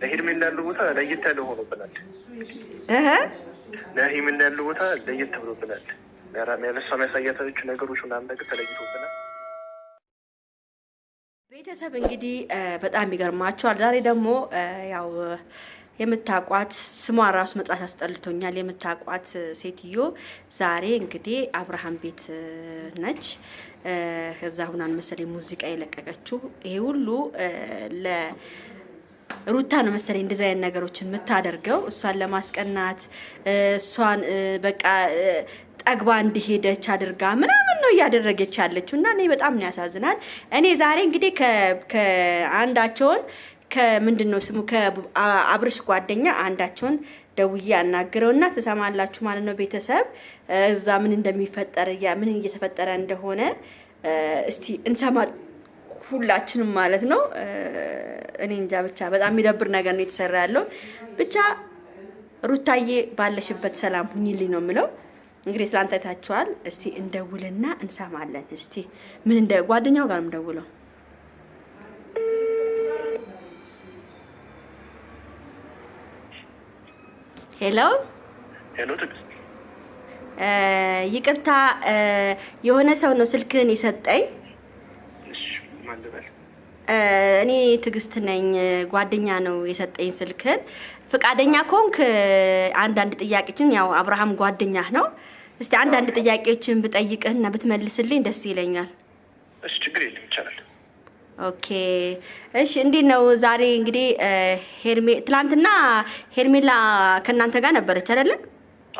ለሄርሜላ ያለው ቦታ ለየት ያለ ሆኖብናል። ለሄርሜላ ያለው ቦታ ለየት ብሎብናል። ለእሷ የሚያሳያታችሁ ነገሮች ምናምን ነገር ተለይቶብናል። ቤተሰብ እንግዲህ በጣም ይገርማቸዋል። ዛሬ ደግሞ ያው የምታቋት ስሟ ራሱ መጥራት አስጠልቶኛል። የምታቋት ሴትዮ ዛሬ እንግዲህ አብርሃም ቤት ነች። ከዛ ሁናን መሰለኝ ሙዚቃ የለቀቀችው ይሄ ሁሉ ሩታ ነው መሰለኝ እንደዚህ አይነት ነገሮችን የምታደርገው እሷን ለማስቀናት እሷን በቃ ጠግባ እንዲሄደች አድርጋ ምናምን ነው እያደረገች ያለችው እና እኔ በጣም ነው ያሳዝናል። እኔ ዛሬ እንግዲህ ከአንዳቸውን ከምንድን ነው ስሙ ከአብርሽ ጓደኛ አንዳቸውን ደውዬ አናግረው እና ትሰማላችሁ ማለት ነው ቤተሰብ እዛ ምን እንደሚፈጠር ምን እየተፈጠረ እንደሆነ እስቲ እንሰማል ሁላችንም ማለት ነው። እኔ እንጃ ብቻ በጣም የሚደብር ነገር ነው የተሰራ ያለው። ብቻ ሩታዬ ባለሽበት ሰላም ሁኝልኝ ነው የምለው። እንግዲህ ትላንት አይታችኋል። እስቲ እንደውልና እንሰማለን። እስቲ ምን እንደ ጓደኛው ጋር እንደውለው ሄሎ ሄሎ፣ ይቅርታ የሆነ ሰው ነው ስልክን የሰጠኝ እኔ ትዕግስት ነኝ። ጓደኛ ነው የሰጠኝ ስልክን። ፈቃደኛ ኮንክ አንዳንድ ጥያቄችን ያው አብርሃም ጓደኛህ ነው። እስቲ አንዳንድ ጥያቄዎችን ብጠይቅህና ብትመልስልኝ ደስ ይለኛል። እሺ፣ ችግር የለም ይቻላል። ኦኬ፣ እሺ። እንዴት ነው ዛሬ? እንግዲህ ሄርሜ ትላንትና ሄርሜላ ከእናንተ ጋር ነበረች አይደለ?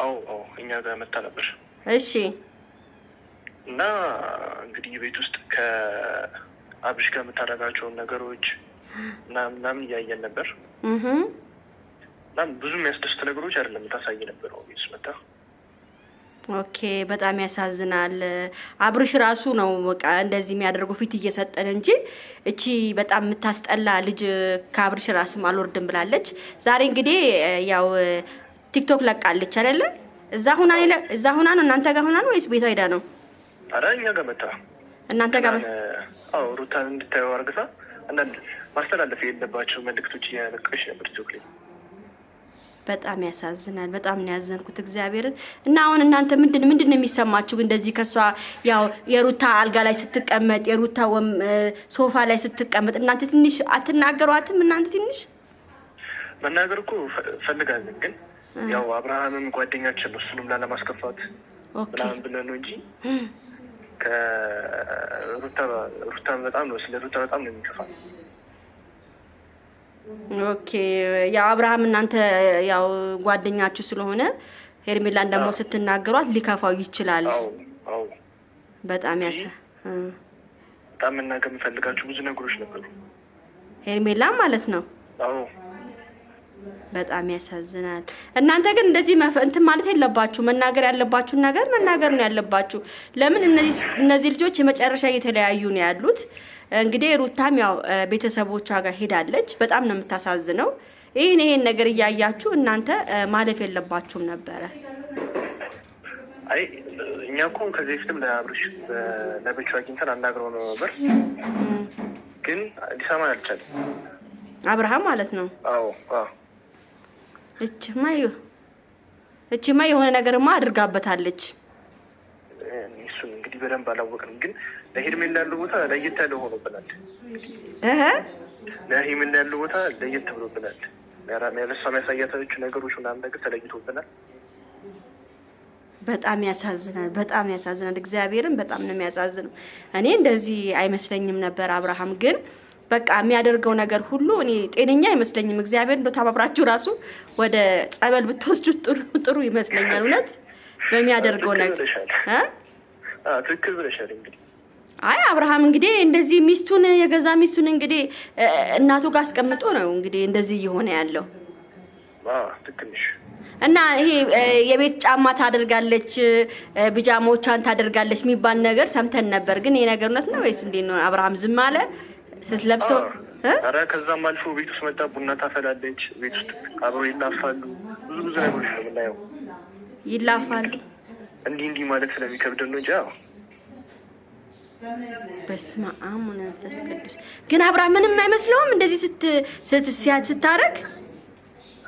አዎ፣ አዎ፣ እኛ ጋር መታ ነበር። እሺ። እና እንግዲህ ቤት ውስጥ ከ አብሽ ከምታደርጋቸውን ነገሮች ምናምን እያየን ነበር። ብዙ የሚያስደስት ነገሮች አይደለም የምታሳይ ነበር ቤት መታ። ኦኬ፣ በጣም ያሳዝናል። አብርሽ ራሱ ነው በቃ እንደዚህ የሚያደርገው ፊት እየሰጠን እንጂ እቺ በጣም የምታስጠላ ልጅ ከአብርሽ ራስም አልወርድም ብላለች። ዛሬ እንግዲህ ያው ቲክቶክ ለቃለች አይደለ? እዛ ሁና ነው እናንተ ጋር ሁና ነው ወይስ ቤቷ ሄዳ ነው? ኧረ እኛ ጋር መታ እናንተ ጋር አዎ ሩታን እንድታየው አርግሳ አንዳንድ ማስተላለፍ የለባቸው መልእክቶች እያለቀሽ ነበር ጆክሌ በጣም ያሳዝናል። በጣም ነው ያዘንኩት እግዚአብሔርን እና አሁን እናንተ ምንድን ምንድን ነው የሚሰማችሁ እንደዚህ ከእሷ ያው የሩታ አልጋ ላይ ስትቀመጥ የሩታ ሶፋ ላይ ስትቀመጥ እናንተ ትንሽ አትናገሯትም? እናንተ ትንሽ መናገር እኮ ፈልጋለን፣ ግን ያው አብርሃምም ጓደኛችን ነው እሱንም ላለማስከፋት ምናምን ብለን ነው እንጂ ከሩታን በጣም ነው ስለ ሩታ በጣም ነው የሚከፋ። ኦኬ ያው አብርሃም እናንተ ያው ጓደኛችሁ ስለሆነ ሄርሜላን ደግሞ ስትናገሯት ሊከፋው ይችላል። በጣም ያሰ በጣም መናገር የምፈልጋችሁ ብዙ ነገሮች ነበሩ ሄርሜላ ማለት ነው። በጣም ያሳዝናል። እናንተ ግን እንደዚህ እንትን ማለት የለባችሁ። መናገር ያለባችሁን ነገር መናገር ነው ያለባችሁ። ለምን እነዚህ ልጆች የመጨረሻ እየተለያዩ ነው ያሉት። እንግዲህ ሩታም ያው ቤተሰቦቿ ጋር ሄዳለች። በጣም ነው የምታሳዝነው። ይህን ይሄን ነገር እያያችሁ እናንተ ማለፍ የለባችሁም ነበረ። አይ እኛ እኮ ከዚህ በፊትም ለአብርሽ ለብቹ አግኝተን አናግረው ነው ነበር፣ ግን አዲስ አበባ አልቻለም። አብርሃም ማለት ነው። አዎ አዎ እችማ እችማ የሆነ ነገርማ አድርጋበታለች። እሱን እንግዲህ በደንብ አላወቅንም፣ ግን ለሄርሜላ ያለው ቦታ ለየት ያለ ሆኖብናል። ለሄርሜላ ያለው ቦታ ለየት ብሎብናል። ለእሷ የሚያሳያታዎቹ ነገሮች ምናምን ነገር ተለይቶብናል። በጣም ያሳዝናል። በጣም ያሳዝናል። እግዚአብሔርን በጣም ነው የሚያሳዝነው። እኔ እንደዚህ አይመስለኝም ነበር አብርሃም ግን በቃ የሚያደርገው ነገር ሁሉ እኔ ጤነኛ አይመስለኝም። እግዚአብሔር እንደው ተባብራችሁ ራሱ ወደ ጸበል ብትወስዱት ጥሩ ይመስለኛል። እውነት በሚያደርገው ነገር ትክክል ብለሻል። እንግዲህ አይ አብርሃም እንግዲህ እንደዚህ ሚስቱን የገዛ ሚስቱን እንግዲህ እናቱ ጋር አስቀምጦ ነው እንግዲህ እንደዚህ እየሆነ ያለው እና ይሄ የቤት ጫማ ታደርጋለች፣ ብጃሞቿን ታደርጋለች የሚባል ነገር ሰምተን ነበር። ግን ይሄ ነገር እውነት ነው ወይስ እንዴት ነው? አብርሃም ዝም አለ። ስትለብሰው ኧረ ከዛም አልፎ ቤት ውስጥ መጣ ቡና ታፈላለች። ቤት ውስጥ አብሮ ይላፋሉ። ብዙ ብዙ ነገሮች ነው የምናየው። ይላፋሉ። እንዲህ እንዲህ ማለት ስለሚከብድ ነው እንጂ በስመ አብ መንፈስ ቅዱስ ግን አብራ ምንም አይመስለውም። እንደዚህ ስታደርግ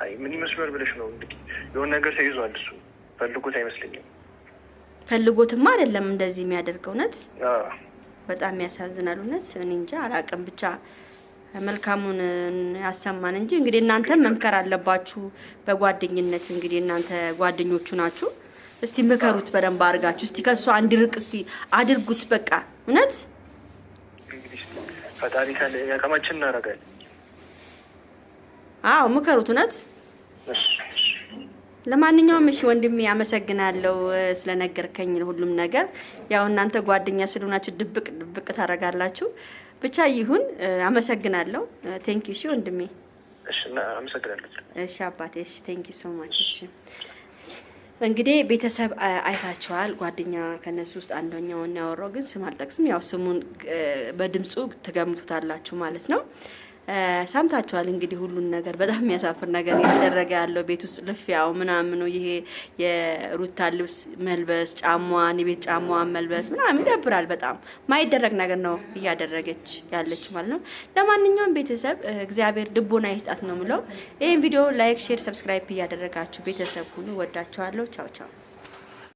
አይ ምን ይመስሏል ብለሽ ነው እንግዲህ የሆነ ነገር ተይዟል። እሱ ፈልጎት አይመስለኝም። ፈልጎትማ አይደለም እንደዚህ የሚያደርገው እውነት በጣም ያሳዝናል። እውነት እኔ እንጃ አላቅም። ብቻ መልካሙን ያሰማን እንጂ እንግዲህ እናንተ መምከር አለባችሁ። በጓደኝነት እንግዲህ እናንተ ጓደኞቹ ናችሁ። እስቲ ምከሩት በደንብ አድርጋችሁ። እስቲ ከእሱ አንድ ርቅ እስቲ አድርጉት። በቃ እውነት ፈጣሪ ካለ ያቀማችን እናደርጋለን። አዎ ምከሩት እውነት ለማንኛውም እሺ ወንድሜ አመሰግናለሁ ስለነገርከኝ ሁሉም ነገር። ያው እናንተ ጓደኛ ስለሆናችሁ ድብቅ ድብቅ ታደርጋላችሁ። ብቻ ይሁን። አመሰግናለሁ። ቴንክ ዩ። እሺ ወንድሜ። እሺ አባቴ። እሺ ቴንክ ዩ ሶ ማች። እሺ እንግዲህ ቤተሰብ አይታችኋል። ጓደኛ ከነሱ ውስጥ አንደኛውን ያወራው ግን ስም አልጠቅስም። ያው ስሙን በድምፁ ትገምቱታላችሁ ማለት ነው። ሰምታችኋል እንግዲህ ሁሉን ነገር። በጣም የሚያሳፍር ነገር እየተደረገ ያለው ቤት ውስጥ ልፊያው ምናምኑ፣ ይሄ የሩታ ልብስ መልበስ፣ ጫሟን የቤት ጫሟን መልበስ ምናምን ይደብራል። በጣም ማይደረግ ነገር ነው እያደረገች ያለች ማለት ነው። ለማንኛውም ቤተሰብ እግዚአብሔር ልቦና ይስጣት ነው ምለው። ይህን ቪዲዮ ላይክ፣ ሼር፣ ሰብስክራይብ እያደረጋችሁ ቤተሰብ ሁሉ ወዳችኋለሁ። ቻው ቻው